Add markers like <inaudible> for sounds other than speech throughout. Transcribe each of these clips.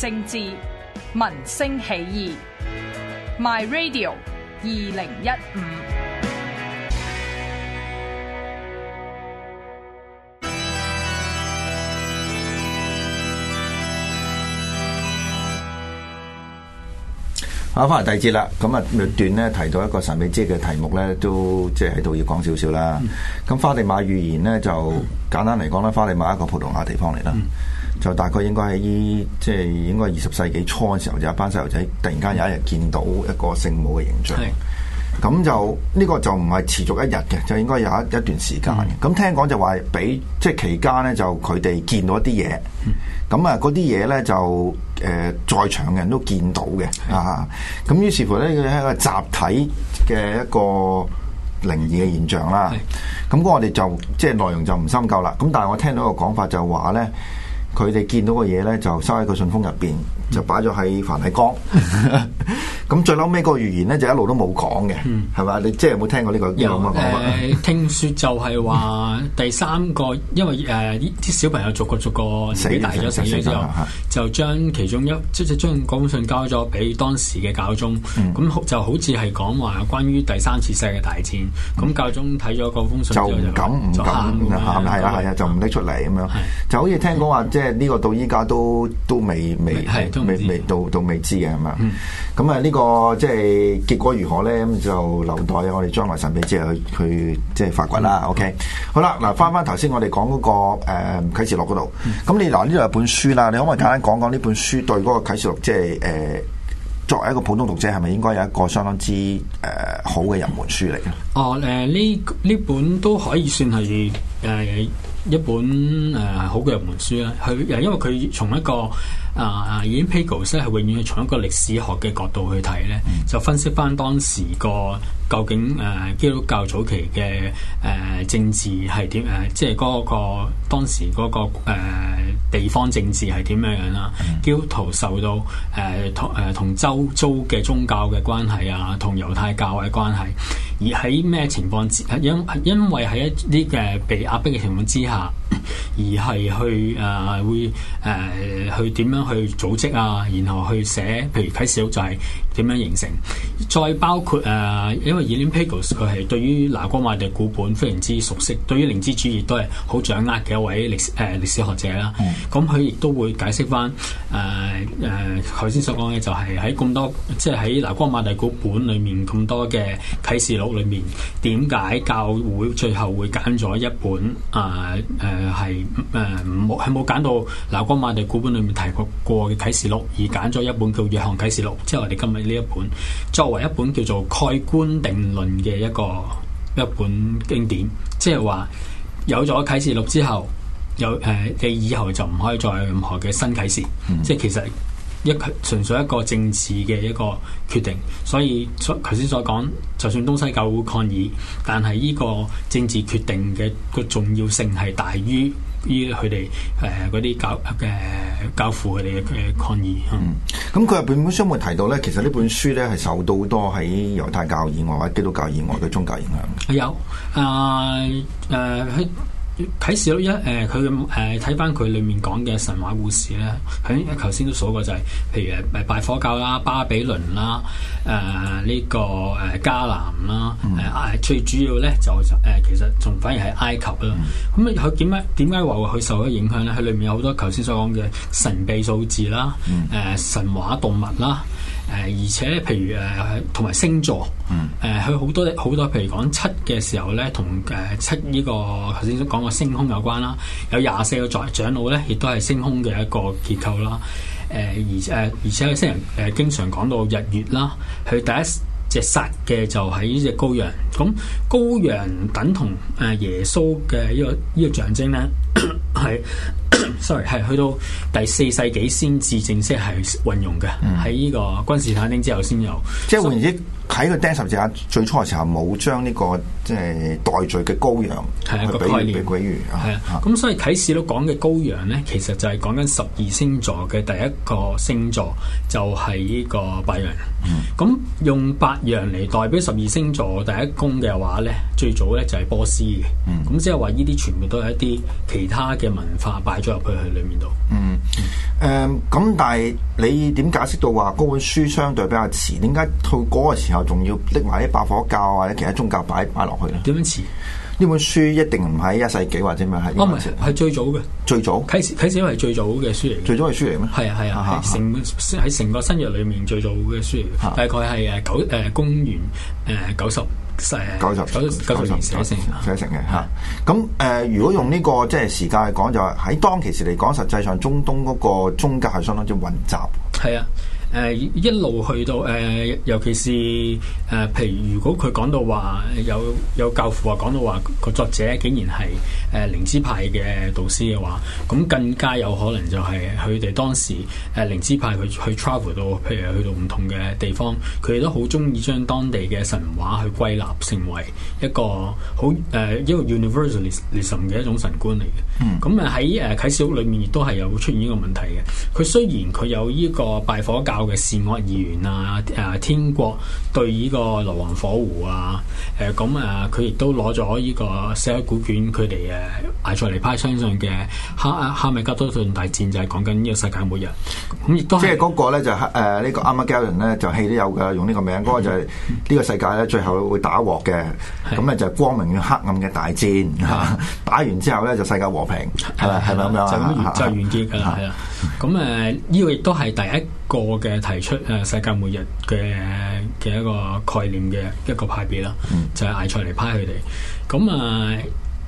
政治、民聲起義，My Radio 二零一五。好、啊，翻嚟第二節啦。咁啊，兩段咧提到一個神秘之嘅題目咧，都即係喺度要講少少啦。咁、嗯、花地瑪預言咧，就、嗯、簡單嚟講咧，花地瑪一個葡萄牙地方嚟啦。嗯就大概應該喺即係應該二十世紀初嘅時候，就一班細路仔突然間有一日見到一個聖母嘅形象。咁的就呢、這個就唔係持續一日嘅，就應該有一一段時間嘅。咁、嗯、聽講就話俾即係期間咧，就佢哋見到一啲嘢。咁啊、嗯，嗰啲嘢咧就誒、呃、在場嘅人都見到嘅的啊。咁於是乎咧，佢係一個集體嘅一個靈異嘅現象啦。咁的我哋就即係、就是、內容就唔深究啦。咁但係我聽到個講法就話咧。佢哋見到個嘢咧，就收喺個信封入邊。就擺咗喺梵蒂岡，咁最嬲尾嗰個預言咧，就一路都冇講嘅，係嘛？你即係有冇聽過呢個嘢咁啊？聽説就係話第三個，因為誒啲小朋友逐個逐個死大咗，死咗之後，就將其中一即係將封信交咗俾當時嘅教宗，咁就好似係講話關於第三次世界大戰。咁教宗睇咗嗰封信就講：唔敢唔敢，係啦係啦，就唔拎出嚟咁樣。就好似聽講話，即係呢個到依家都都未未。未未到到未知嘅係嘛？咁啊呢個即係、就是、結果如何咧？咁就留待我哋將來神秘之後去去即係發掘啦。嗯、OK，好啦、嗯，嗱翻翻頭先我哋講嗰個誒、呃、啟事錄嗰度。咁、嗯、你嗱呢度有本書啦，你可唔可以簡單講講呢本書對嗰個啟示錄即係誒作為一個普通讀者係咪應該有一個相當之誒、呃、好嘅入門書嚟嘅？哦誒，呢、呃、呢本都可以算係誒。呃一本誒、呃、好嘅入門書啦，佢誒因為佢從一個、呃、啊啊 Elaine Pagels 咧係永遠從一個歷史學嘅角度去睇咧，嗯、就分析翻當時個究竟誒、呃、基督教早期嘅誒、呃、政治係點誒，即係嗰、嗰個當時嗰、嗰個、呃地方政治係點樣樣、啊、啦？Mm. 基督徒受到誒誒同周遭嘅宗教嘅關係啊，同猶太教嘅關係，而喺咩情況之下？因因為喺一啲嘅被壓迫嘅情況之下，而係去誒、呃、會誒、呃、去點樣去組織啊，然後去寫，譬如啟示錄就係、是。點樣形成？再包括誒、呃，因為 Elaine Pagels 佢係對於拿光馬地古本非常之熟悉，對於靈知主義都係好掌握嘅一位歷誒、呃、歷史學者啦。咁佢亦都會解釋翻誒誒頭先所講嘅，呃呃、剛才剛才就係喺咁多即係喺拿光馬地古本裏面咁多嘅啟示錄裏面，點解教會最後會揀咗一本啊誒係誒冇係冇揀到拿光馬地古本裏面提過過嘅啟示錄，而揀咗一本叫《約翰啟示錄》？即係我哋今日。呢一本作為一本叫做蓋棺定論嘅一個一本經典，即係話有咗啟示錄之後，有誒、呃，你以後就唔可以再有任何嘅新啟示，嗯、即係其實一純粹一個政治嘅一個決定。所以頭先所講，就算東西教會抗議，但係呢個政治決定嘅個重要性係大於。於佢哋誒嗰啲教誒、呃、教父佢哋嘅抗議。嗯，咁佢入邊本書冇提到咧，其實呢本書咧係受到好多喺猶太教以外或者基督教以外嘅宗教影響，有誒誒。啊呃啊啟示錄，一誒佢誒睇翻佢裡面講嘅神話故事咧，佢頭先都數過就係、是，譬如誒拜火教啦、巴比倫啦、誒、呃、呢、這個誒迦南啦，誒、嗯、最主要咧就誒、呃、其實仲反而係埃及啦。咁佢點解點解話佢受咗影響咧？佢裏面有好多頭先所講嘅神秘數字啦、誒、嗯呃、神話動物啦。誒、呃，而且譬如誒，同、呃、埋星座，誒佢好多好多，譬如講七嘅時候咧，同誒、呃、七呢、呢個頭先所講個星空有關啦。有廿四個長長老咧，亦都係星空嘅一個結構啦。誒而誒，而且佢聖、呃、人誒、呃、經常講到日月啦，佢第一隻殺嘅就係呢隻羔羊。咁羔羊等同誒耶穌嘅呢、呢個呢、呢個象徵咧。 <coughs> 係 <coughs> ，sorry，係去到第四世紀先至正式係運用嘅，喺呢、嗯、個君士坦丁之後先有。即係換言之，喺個《Daniel、呃》就最初嘅時候冇將呢個即係代罪嘅羔羊，係一個概念。係啊，咁、啊、所以啟示錄講嘅羔羊咧，其實就係講緊十二星座嘅第一個星座，就係、是、呢個白羊。咁、嗯嗯、用白羊嚟代表十二星座第一宮嘅話咧，最早咧就係波斯嘅。咁即係話呢啲全部都係一啲其他嘅。文化擺咗入去裏面度、嗯，嗯，誒、嗯，咁但係你點解釋到話嗰本書相對比較遲？點解到嗰個時候仲要拎埋啲拜火教或者其他宗教擺擺落去呢？點樣遲？呢本書一定唔喺一世紀或者咪係？唔係係最早嘅，最早。啟示啟示係最早嘅書嚟嘅，最早嘅書嚟咩？係啊係啊係，成喺成、啊、個新約裏面最早嘅書嚟，大概係誒九誒公元誒、呃呃呃、九十,十。九十九九十九成九成嘅吓。咁誒的、呃，如果用呢、這個即係時間嚟講，就係、是、喺、就是、當其時嚟講，實際上中東嗰個宗教係相當之混雜，係啊。誒、uh, 一路去到誒、uh, 尤其是誒、uh, 譬如如果佢講到話有有教父啊講到話個作者竟然係誒靈知派嘅導師嘅話，咁更加有可能就係佢哋當時誒靈知派佢去，去 travel 到，譬如去到唔同嘅地方，佢哋都好中意將當地嘅神話去歸納成為一個好誒、uh, 一個 universalism 嘅一種神觀嚟嘅。嗯，咁啊喺誒啟示錄裏面亦都係有出現呢個問題嘅。佢雖然佢有呢個拜火教。有嘅善惡二元啊！誒，天國對呢個硫磺火湖啊，誒，咁啊，佢亦都攞咗呢個《死海古卷》，佢哋誒艾塞尼派相信嘅哈哈米吉多頓大戰，就係講緊呢個世界末日。咁亦都即係嗰個咧就誒呢個 Armageddon 咧就戲都有噶，用呢個名。嗰個就係呢個世界咧最後會打鑊嘅，咁咧就係光明與黑暗嘅大戰。打完之後咧就世界和平，係咪係咪咁樣啊？就完結噶啦，係啦。咁誒呢個亦都係第一。個嘅提出誒、呃、世界末日嘅嘅一個概念嘅一個、嗯、派別啦，就係艾賽嚟派佢哋。咁啊，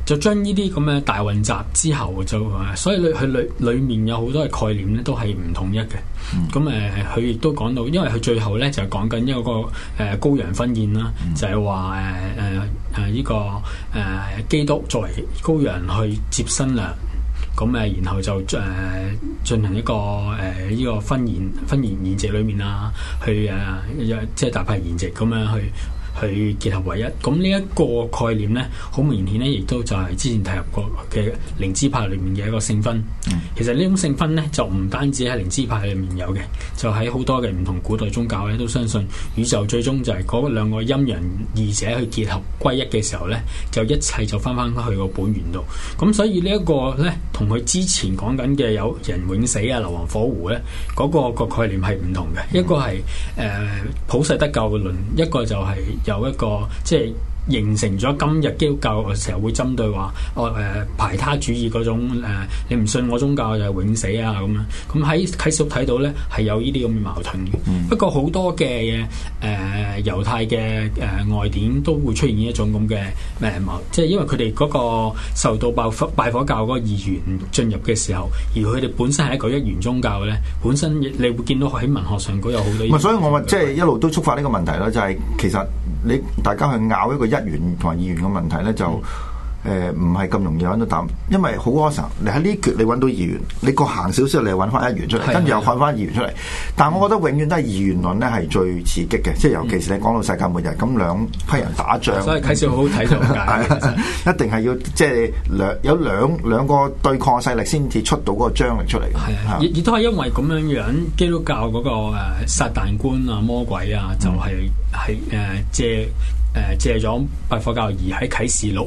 就將呢啲咁嘅大混雜之後就，所以佢佢裏裏面有好多嘅概念咧，都係唔統一嘅。咁誒，佢、呃、亦都講到，因為佢最後咧就講緊一個誒羔羊婚宴啦，呃嗯、就係話誒誒誒呢個誒、呃、基督作為羔羊去接新娘，咁誒，然後就誒、呃、進行一個誒呢、呃這個婚宴婚宴宴席裏面啊，去誒、呃、即係大派筵席咁樣去。去結合為一，咁呢一個概念呢，好明顯呢，亦都就係之前提及過嘅靈知派裏面嘅一個性分。嗯、其實呢種性分呢，就唔單止喺靈知派裏面有嘅，就喺好多嘅唔同古代宗教呢，都相信宇宙最終就係嗰兩個陰陽二者去結合歸一嘅時候呢，就一切就返返去個本源度。咁所以呢一個呢，同佢之前講緊嘅有人永死啊、硫磺火湖呢，嗰、那個、那個概念係唔同嘅，嗯、一個係誒、呃、普世得救嘅論，一個就係、是。有一個即係形成咗今日基督教，成日會針對話哦誒排他主義嗰種、呃、你唔信我宗教我就永死啊咁樣。咁喺睇書睇到咧，係有呢啲咁嘅矛盾嘅。不過好多嘅誒、呃、猶太嘅誒、呃、外典都會出現一種咁嘅誒矛，即係因為佢哋嗰個受到拜火拜火教嗰個二元進入嘅時候，而佢哋本身係一個一元宗教咧，本身你會見到喺文學上嗰有好多。唔係，所以我即係一路都觸發呢個問題咯，就係、是、其實。你大家去拗一個一元同埋二元嘅問題咧，就～、嗯誒，唔係咁容易揾到答案，因為好可神。你喺呢橛，你揾到是的 二元，你個行少少，你又揾翻一元出嚟，跟住又揾翻二元出嚟。但係我覺得永遠都係二元論咧係最刺激嘅，即係尤其是你講、嗯、到世界末日，咁兩批人打仗，所以啟示錄好睇就唔假，一定係要即係兩有兩兩個對抗勢力先至出到嗰個張力出嚟。亦的的都係因為咁樣樣基督教嗰、那個誒、呃、撒旦觀啊、魔鬼啊，就係係誒借誒借咗拜火教而喺啟示錄。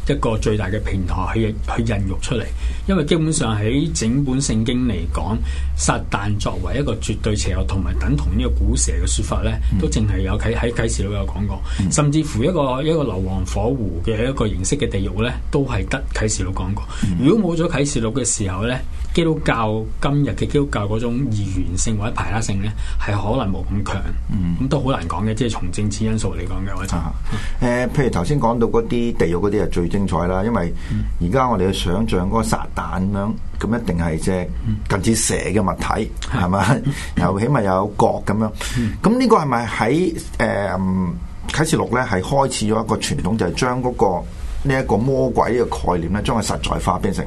一個最大嘅平台去去孕育出嚟。因為基本上喺整本聖經嚟講，撒旦作為一個絕對邪惡同埋等同呢個古蛇嘅說法咧，都淨係有喺喺啟示錄有講過。嗯、甚至乎一個一個硫磺火湖嘅一個形式嘅地獄咧，都係得啟示錄講過。如果冇咗啟示錄嘅時候咧，基督教今日嘅基督教嗰種二元性或者排他性咧，係可能冇咁強。咁、嗯、都好難講嘅，即係從政治因素嚟講嘅。或者誒、嗯，譬、嗯、如頭先講到嗰啲地獄嗰啲係最正。精彩啦！因為而家我哋嘅想象嗰個撒旦咁樣，咁一定係隻近似蛇嘅物體，係咪、嗯？又吧 <laughs> 起碼有角咁樣。咁呢、嗯、個係咪喺誒《啟、呃、示錄》咧？係開始咗一個傳統，就係將嗰個呢一、這個魔鬼嘅概念咧，將佢實在化，變成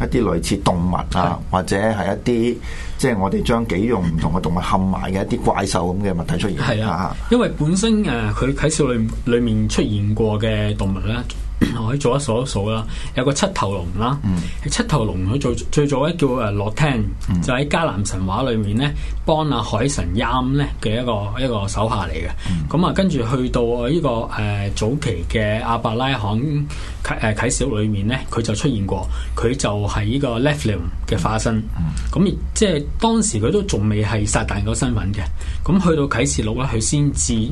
一啲類似動物、嗯、啊，或者係一啲即係我哋將幾樣唔同嘅動物冚埋嘅一啲怪獸咁嘅物體出現。係、嗯、啊，因為本身誒佢啟示錄裏裏面出現過嘅動物咧。我可以做一數一數啦，有個七頭龍啦，嗯、七頭龍佢做最早咧叫誒洛聽，嗯、就喺迦南神話裏面咧，幫阿海神陰咧嘅一個一個手下嚟嘅。咁啊、嗯，跟住、嗯、去到呢、呢個誒、呃、早期嘅阿伯拉罕啟誒啟示錄裏面咧，佢就出現過，佢就係呢個 Leftium 嘅化身。咁即係當時佢都仲未係撒旦個身份嘅。咁、嗯、去到啟示錄咧，佢先至。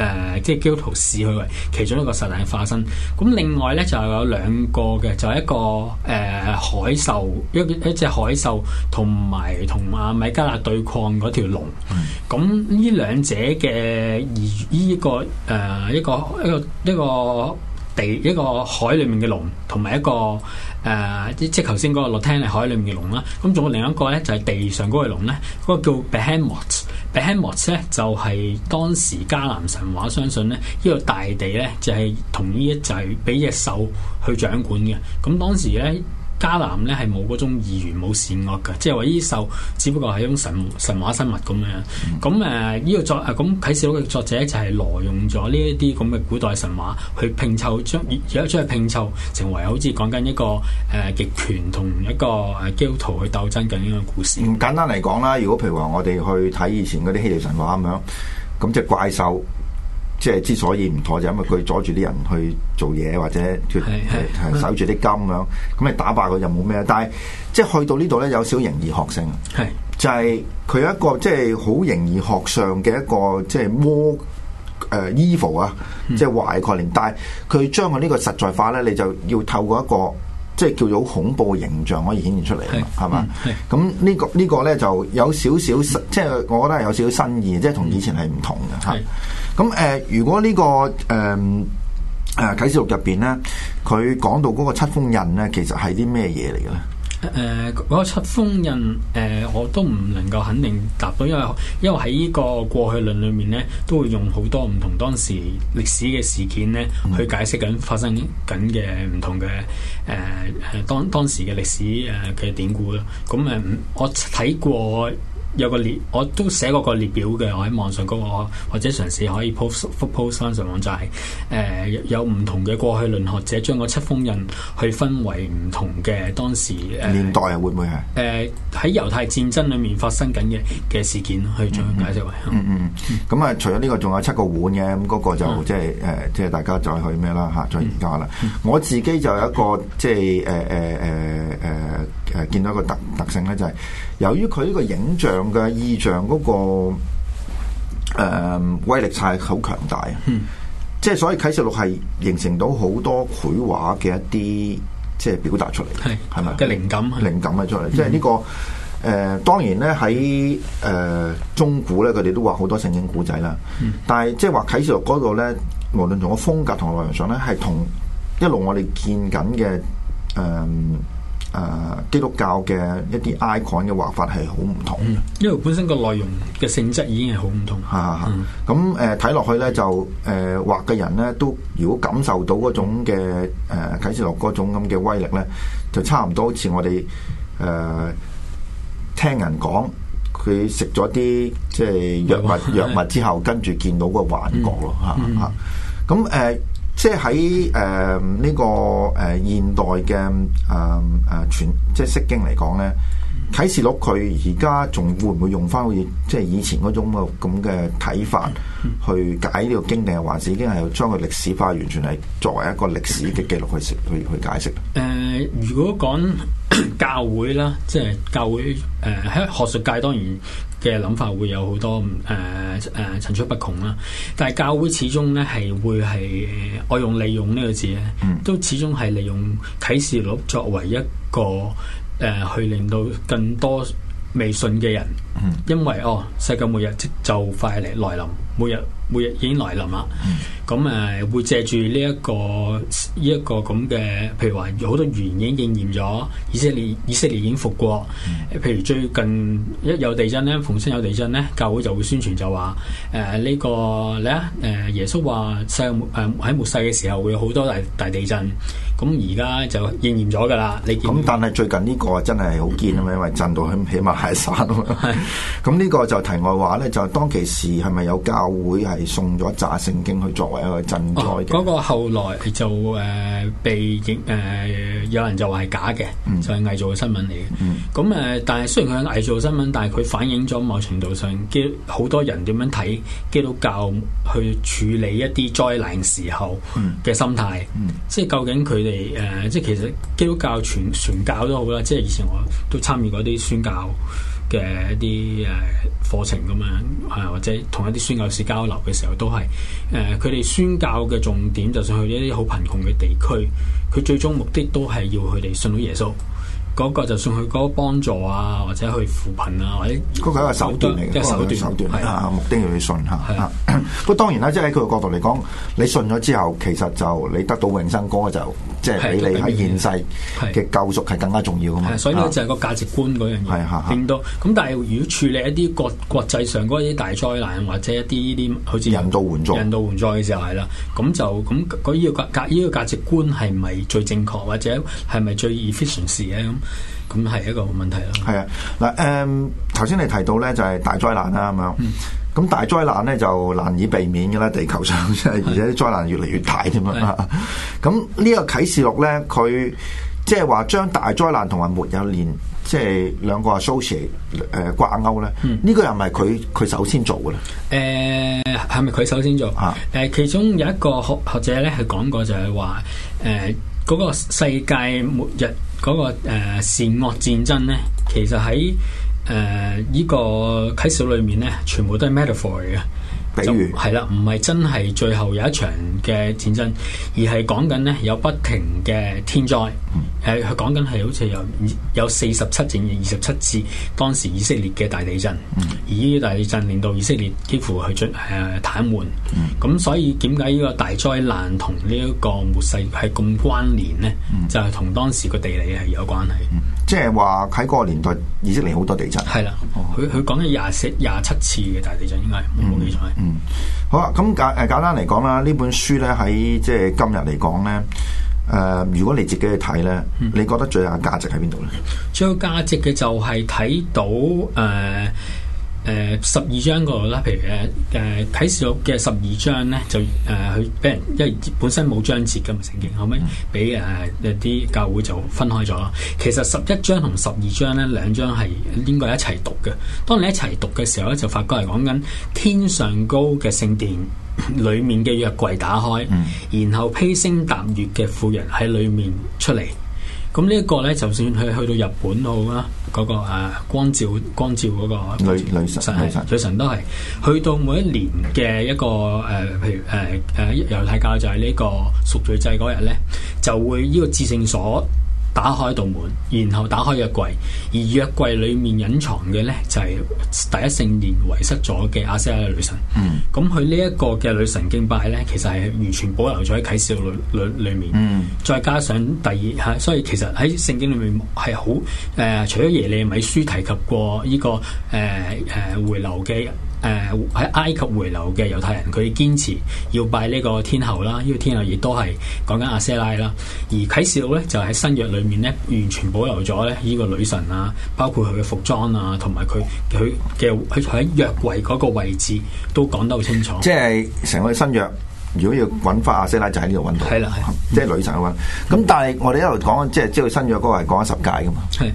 誒、呃，即係基督徒佢為其中一個實體化身。咁另外咧就有兩個嘅，就係一個誒、呃、海獸一，一隻海獸同埋同阿米迦勒對抗嗰條龍。咁呢、嗯、兩者嘅而呢個誒一個、呃、一個一個,一個,一個地一個海裡面嘅龍，同埋一個誒、呃、即係頭先嗰個羅聽係海裡面嘅龍啦。咁仲有另一個咧就係、是、地上嗰個龍咧，嗰、那個叫 Behemoth。Behemoth 咧就係當時迦南神話，相信咧呢個大地咧就係同呢一就係俾隻獸去掌管嘅。咁當時咧。迦南咧係冇嗰種義願，冇善惡㗎，即係話呢啲獸只不過係一種神神話生物咁樣。咁誒、嗯，呢個、啊、作咁、啊、啟示錄嘅作者就係挪用咗呢一啲咁嘅古代神話去拼湊，將而家將佢拼湊成為好似講緊一個誒、呃、極權同一個誒基督徒去鬥爭緊呢個故事。嗯、簡單嚟講啦，如果譬如話我哋去睇以前嗰啲希臘神話咁樣，咁隻怪獸。即係之所以唔妥，就因為佢阻住啲人去做嘢，或者係守住啲金咁，咁你打敗佢就冇咩。但係即係去到呢度呢，有少形而學性。係是是 就係佢有一個即係好形而學上嘅一個即係魔，誒、呃、evil 啊，即係壞概念。但係佢將佢呢個實在化呢，你就要透過一個。即係叫做恐怖形象可以顯現出嚟啊嘛，係嘛是？咁呢個呢個咧就有少少新，即係我覺得係有少少新意，即係同以前係唔同嘅。係咁誒，如果呢、呢個誒誒、呃、啟示錄入邊咧，佢講到嗰個七封印咧，其實係啲咩嘢嚟嘅咧？誒嗰七封印誒、呃，我都唔能夠肯定答到，因為因為喺呢個過去論裏面咧，都會用好多唔同當時歷史嘅事件咧，去解釋緊發生緊嘅唔同嘅誒誒當當時嘅歷史誒嘅典故咯。咁、嗯、誒，我睇過。有個列，我都寫過個列表嘅，我喺網上嗰、那個，或者嘗試可以 post 復 post 翻上網，就係誒有唔同嘅過去論學者將個七封印去分為唔同嘅當時誒年代啊，會唔會係誒喺猶太戰爭裡面發生緊嘅嘅事件去進行解釋為？嗯嗯，咁啊、嗯嗯嗯，除咗呢個，仲有七個碗嘅，咁、那、嗰個就即係誒，即係、嗯呃、大家再去咩啦吓，再研究啦。嗯嗯、我自己就有一個即係誒誒誒誒。呃呃呃呃誒、呃，見到一個特特性咧，就係、是、由於佢呢個影像嘅意象嗰、那個誒、呃、威力係好強大啊！嗯、即係所以啟示錄係形成到好多繪畫嘅一啲即係表達出嚟，係係嘛嘅靈感，靈感嘅出嚟，嗯、即係呢、這個誒、呃，當然咧喺誒中古咧，佢哋都話好多聖經古仔啦。嗯、但係即係話啟示錄嗰個咧，無論從個風格同內容上咧，係同一路我哋見緊嘅誒。嗯嗯誒、啊，基督教嘅一啲 icon 嘅畫法係好唔同，因為本身個內容嘅性質已經係好唔同。係係係，咁誒睇落去咧就誒畫嘅人咧都如果感受到嗰種嘅誒啟示錄嗰種咁嘅威力咧，就差唔多好似我哋誒、呃、聽人講佢食咗啲即係藥物藥 <laughs> 物之後，跟住見到個幻覺咯吓吓，咁誒。即係喺誒呢個誒、呃、現代嘅誒誒傳即係《釋經》嚟講咧，啟示錄佢而家仲會唔會用返好似即係以前嗰種咁嘅睇法去解呢個經歷，定係還是已經係將佢歷史化，完全係作為一個歷史嘅記錄去去去解釋？誒、呃，如果講。 <coughs> 教會啦，即係教會誒喺、呃、學術界當然嘅諗法會有好多誒誒層出不窮啦，但係教會始終咧係會係我用利用呢個字咧，嗯、都始終係利用啟示錄作為一個誒、呃、去令到更多未信嘅人，嗯、因為哦世界末日就快嚟來臨。每日每日已經來臨啦，咁誒、嗯嗯、會借住呢一個呢一、呢個咁嘅，譬如話有好多預言應驗咗，以色列以色列已經復國。譬如最近一有地震咧，逢親有地震咧，教會就會宣傳就話誒呢個咧誒耶穌話世喺末世嘅時候會有好多大大地震，咁而家就應驗咗噶啦。你咁但係最近呢個真係好堅啊，嗯、因為震到佢起碼係山啊嘛。咁 <laughs> 呢是個就題外話咧，就是、當其時係咪有教會係送咗紮聖經去作為一個賑災嘅，嗰個後來就誒、呃、被影誒、呃，有人就話係假嘅，嗯、就係偽造嘅新聞嚟嘅。咁誒、嗯，但係雖然佢係偽造新聞，但係佢反映咗某程度上，好多人點樣睇基督教去處理一啲災難時候嘅心態、嗯嗯呃，即係究竟佢哋誒，即係其實基督教傳傳教都好啦，即係以前我都參與嗰啲宣教。嘅一啲誒課程咁樣，誒或者同一啲宣教士交流嘅時候都係，誒佢哋宣教嘅重點，就算去一啲好貧窮嘅地區，佢最終目的都係要佢哋信到耶穌。嗰個就送去嗰個幫助啊，或者去扶貧啊，或者嗰個係一個手段嚟嘅，得手段，手段係啊，啊目的要去信嚇、啊。不過、啊啊、當然啦，即係喺佢嘅角度嚟講，你信咗之後，其實就你得到永生哥，嗰個、就即係俾你喺現世嘅救贖係更加重要嘛啊嘛。所以就係個價值觀嗰樣嘢，變、啊啊、到。咁但係如果處理一啲國國際上嗰啲大災難，或者一啲啲好似人道援助，人道援助嘅時候係啦，咁、啊、就咁嗰依個價依個價值觀係咪最正確，或者係咪最 efficient 嘅、啊、咁？咁係、嗯、一個問題啦。係啊，嗱、嗯，誒，頭先你提到咧就係大災難啦，咁樣。咁、嗯、大災難咧就難以避免嘅啦，地球上，而且災難越嚟越大添啦。咁的 <laughs> 呢個啟示錄咧，佢即係話將大災難同埋沒有年，即係兩個阿、呃、social 誒掛鈎咧。呢個又唔係佢佢首先做嘅啦。誒、嗯，係咪佢首先做？吓、啊，誒、呃，其中有一個學學者咧，係講過就係話，誒、呃，嗰、那個世界末日。嗰、那個誒、呃、善惡戰爭咧，其實喺誒呢個啟示裏面咧，全部都係 metaphor 嚟嘅。係啦，唔係真係最後有一場嘅戰爭，而係講緊呢有不停嘅天災。誒、嗯，佢講緊係好似有有四十七至二十七次當時以色列嘅大地震，嗯、而呢啲大地震令到以色列幾乎去出誒癱瘓。咁、呃嗯、所以點解呢個大災難同呢一個末世係咁關聯呢？嗯、就係同當時個地理係有關係。嗯即係話喺嗰個年代，以色列好多地震。係啦的，佢佢講咗廿四廿七次嘅大地震，應該冇記錯。嗯，好啦，咁簡誒簡單嚟講啦，呢本書咧喺即係今日嚟講咧，誒、呃，如果你自己去睇咧，你覺得最有價值喺邊度咧？嗯、最有價值嘅就係睇到誒。呃誒十二章嗰度啦，譬如誒誒啟示錄嘅十二章咧，就誒佢俾人，因為本身冇章節嘅聖經，後尾俾誒一啲教會就分開咗咯。其實十一章同十二章咧兩章係應該一齊讀嘅。當你一齊讀嘅時候咧，就發覺嚟講緊天上高嘅聖殿 <laughs> 裡面嘅約櫃打開，嗯、然後披星踏月嘅婦人喺裡面出嚟。咁呢一個咧，就算佢去到日本都好啦。嗰、那個、啊、光照光照嗰、那個女照女神女神女神都係神去到每一年嘅一個誒、呃，譬如誒誒猶太教就係呢個贖罪祭嗰日咧，就會呢個至聖所。打開一道門，然後打開約櫃，而約櫃裏面隱藏嘅咧就係、是、第一聖殿遺失咗嘅亞西雅女神。嗯，咁佢呢一個嘅女神敬拜咧，其實係完全保留咗喺啟示錄裏裏裏面。嗯，再加上第二吓，所以其實喺聖經裏面係好誒，除咗耶利米書提及過呢、這個誒誒、呃呃、回流嘅。誒喺、呃、埃及回流嘅猶太人，佢堅持要拜呢個天后啦，呢個天后亦都係講緊阿西拉啦。而啟示錄咧就喺、是、新約裏面咧，完全保留咗咧呢個女神啊，包括佢嘅服裝啊，同埋佢佢嘅佢喺約櫃嗰個位置都講得好清楚。即係成個新約，如果要揾翻阿西拉，就喺呢度揾到。係啦，係，即係女神揾。咁但係我哋一路講，即係即係新約嗰個係講十界噶嘛。係。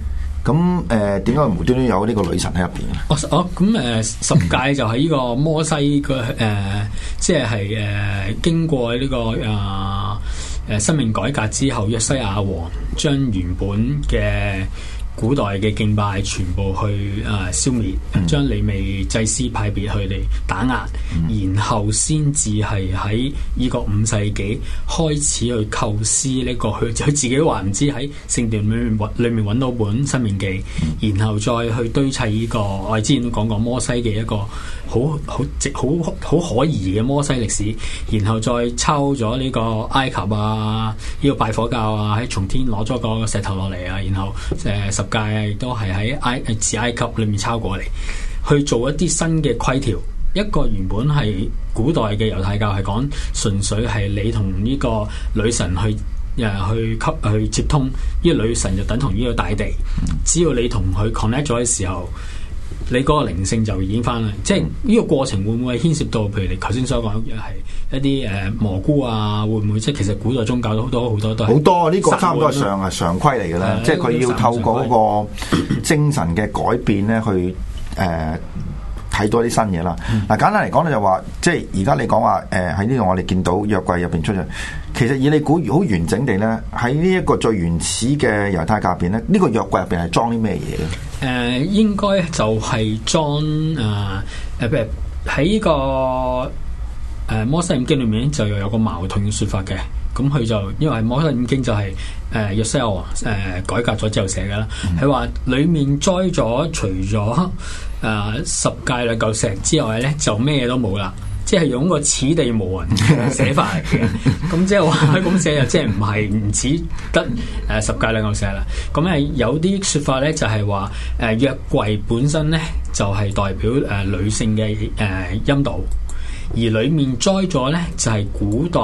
咁誒點解無端端有呢個女神喺入邊咧？哦哦，咁誒、呃、十誡就係呢個摩西佢誒、呃，即係誒、呃、經過呢、這個誒誒、呃、生命改革之後，約西亞王將原本嘅。古代嘅敬拜全部去誒消滅，將、嗯、利未祭司派別去嚟打壓，嗯、然後先至係喺呢個五世紀開始去構思呢個佢佢自己話唔知喺聖殿裏面揾，裏面揾到本申命記，然後再去堆砌呢、這個我之前都講過摩西嘅一個好好好好好可疑嘅摩西歷史，然後再抽咗呢個埃及啊，呢、這個拜火教啊，喺從天攞咗個石頭落嚟啊，然後誒。呃界都係喺埃，I, 自埃及裏面抄過嚟，去做一啲新嘅規條。一個原本係古代嘅猶太教係講，純粹係你同呢個女神去誒、啊、去吸去接通，呢、這個、女神就等同於個大地。只要你同佢 connect 咗嘅時候。你嗰個靈性就已經返啦，即係呢個過程會唔會牽涉到，譬如你頭先所講，係一啲誒蘑菇啊？會唔會即係其實古代宗教都好多好多都好多呢、呢個差多，差唔多係常規嚟嘅啦，呃、即係佢要透過嗰個精神嘅改變咧，去誒睇多啲新嘢啦。嗱、嗯、簡單嚟講咧，就話即係而家你講話誒喺呢度我哋見到藥櫃入邊出現，其實以你估好完整地咧，喺呢一個最原始嘅猶太教入邊咧，呢、呢個藥櫃入邊係裝啲咩嘢咧？誒、呃，應該就係裝誒誒，唔係喺呢個誒摩、呃、西五經裏面就有個矛盾嘅說法嘅。咁佢就因為摩西五經就係誒約 l 誒改革咗之後寫嘅啦。佢話、嗯、裏面栽咗除咗誒、呃、十介兩舊石之外咧，就咩都冇啦。即係用個此地無銀寫法嚟嘅，咁 <laughs> 即係話咁寫又即係唔係唔止得誒十誡兩嚿石啦。咁係有啲說法咧、呃，就係話誒約櫃本身咧就係代表誒、呃、女性嘅誒陰道，而裏面載咗咧就係、是、古代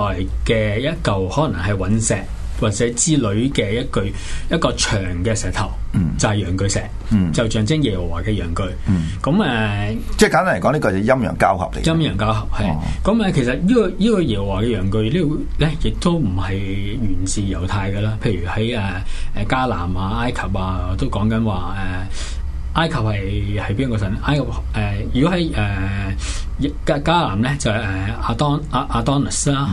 嘅一嚿可能係隕石。或者之類嘅一具一個長嘅石頭，嗯，就係陽具石，嗯，就象徵耶和華嘅陽具，嗯，咁誒那，嗯、即係簡單嚟講，呢個就陰陽交合嚟，陰陽交合，係，咁誒、哦，其實呢、呢個呢、呢個耶和華嘅陽具呢，亦都唔係源自猶太嘅啦，譬如喺誒誒迦南啊、埃及啊，都講緊話誒，埃及係係邊個神？埃及誒、呃，如果喺誒。呃呃迦南咧就誒阿 Don 阿阿 Donis 啦，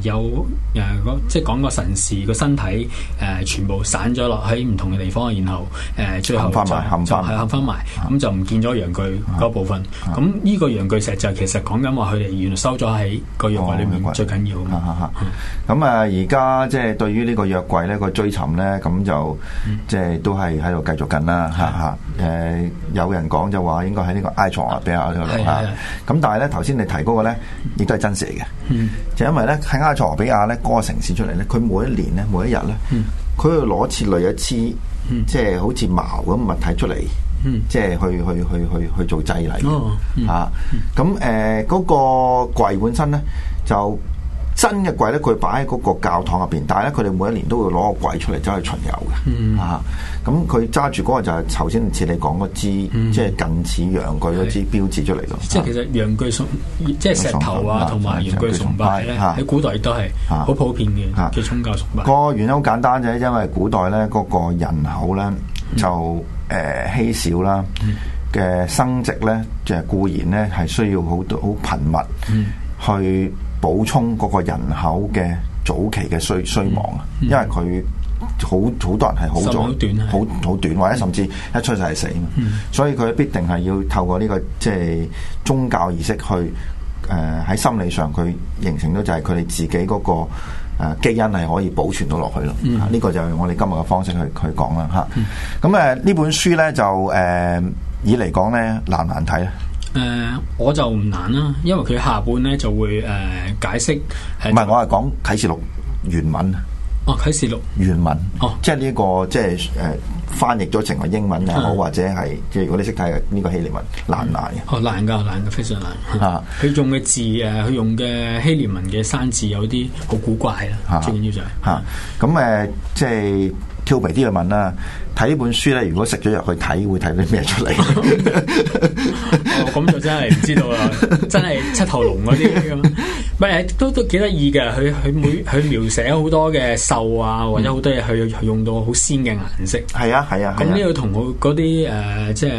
誒有誒即係講個神士個身體誒全部散咗落喺唔同嘅地方，然後誒、啊、最後合埋合埋，合翻埋，咁、嗯、就唔見咗陽具嗰部分。咁呢個陽具石就其實講緊話佢哋原來收咗喺個約櫃裏面，最緊要。咁啊，而家即係對於呢個約櫃咧個追尋咧，咁就即係都係喺度繼續緊啦。嚇嚇誒，有人講就話應該喺呢個埃塞啊，啊，啊，埃塞俄比亞咁但係咧，頭先你提嗰個咧，亦都係真實嘅。嗯、就因為咧，喺埃塞俄比亞咧，嗰、嗰個城市出嚟咧，佢每一年咧，每一日咧，佢要攞切嚟一次，即係、嗯、好似矛咁物體出嚟，即係、嗯、去去去去去，去做祭禮。哦嗯、啊，咁誒嗰個櫃本身咧就真嘅鬼咧，佢擺喺嗰個教堂入邊，但係咧，佢哋每一年都會攞個鬼出嚟走去巡遊嘅。嗯、啊，咁佢揸住嗰個就係頭先似你講嗰支，嗯、即係近似陽具嗰支標誌出嚟嘅。是啊、即係其實陽具即係石頭啊，同埋陽具崇拜咧，喺、啊、古代都係好普遍嘅嘅、啊、叫宗教崇拜。個原因好簡單啫，因為古代咧嗰、那個人口咧、嗯、就誒、呃、稀少啦，嘅、嗯、生殖咧就固然咧係需要好多好頻密去。補充嗰個人口嘅早期嘅衰衰亡啊，因為佢好好多人係好咗，好好短，或者甚至一出世係死，嗯、所以佢必定係要透過呢、這個即係、就是、宗教儀式去誒喺、呃、心理上佢形成到就係佢哋自己嗰、那個誒、呃、基因係可以保存到落去咯，呢、嗯、個就係我哋今日嘅方式去去講啦吓。咁誒呢本書咧就誒、呃、以嚟講咧難唔難睇啊？誒，我就唔難啦，因為佢下半咧就會誒解釋。唔係，我係講啟示錄原文啊。哦，啟示錄原文，哦，即係呢一個即係誒翻譯咗成為英文啊，好或者係即係如果你識睇呢個希臘文難唔難啊？哦，難噶，難噶，非常難。啊，佢用嘅字誒，佢用嘅希臘文嘅生字有啲好古怪啦。吓，最緊要就係吓。咁誒，即係調皮啲去問啦，睇呢本書咧，如果食咗入去睇，會睇到啲咩出嚟？咁就 <laughs> <laughs> 真係唔知道啦，真係七頭龍嗰啲咁，係都都幾得意嘅。佢佢每佢描寫好多嘅獸啊，或者好多嘢，佢用到好鮮嘅顏色。係啊係啊，咁呢個同我嗰啲誒，即係誒、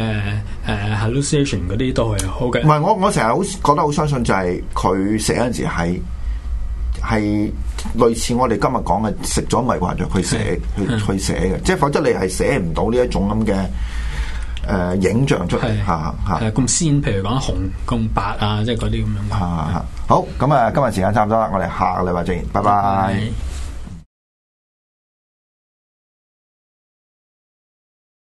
呃、，hallucination 嗰啲都係好嘅。唔係、 <laughs> 嗯、我我成日好覺得好相信就，就係佢寫嗰陣時係係類似我哋今日講嘅食咗迷幻藥佢寫佢佢寫嘅，即係否則你係寫唔到呢一種咁嘅。誒、呃、影像出嚟嚇嚇，誒咁鮮，譬的如講紅咁的白啊，即係嗰啲咁樣嚇嚇，好，咁、嗯、啊，今日時間差唔多啦，我哋下個禮拜再見，拜拜。拜拜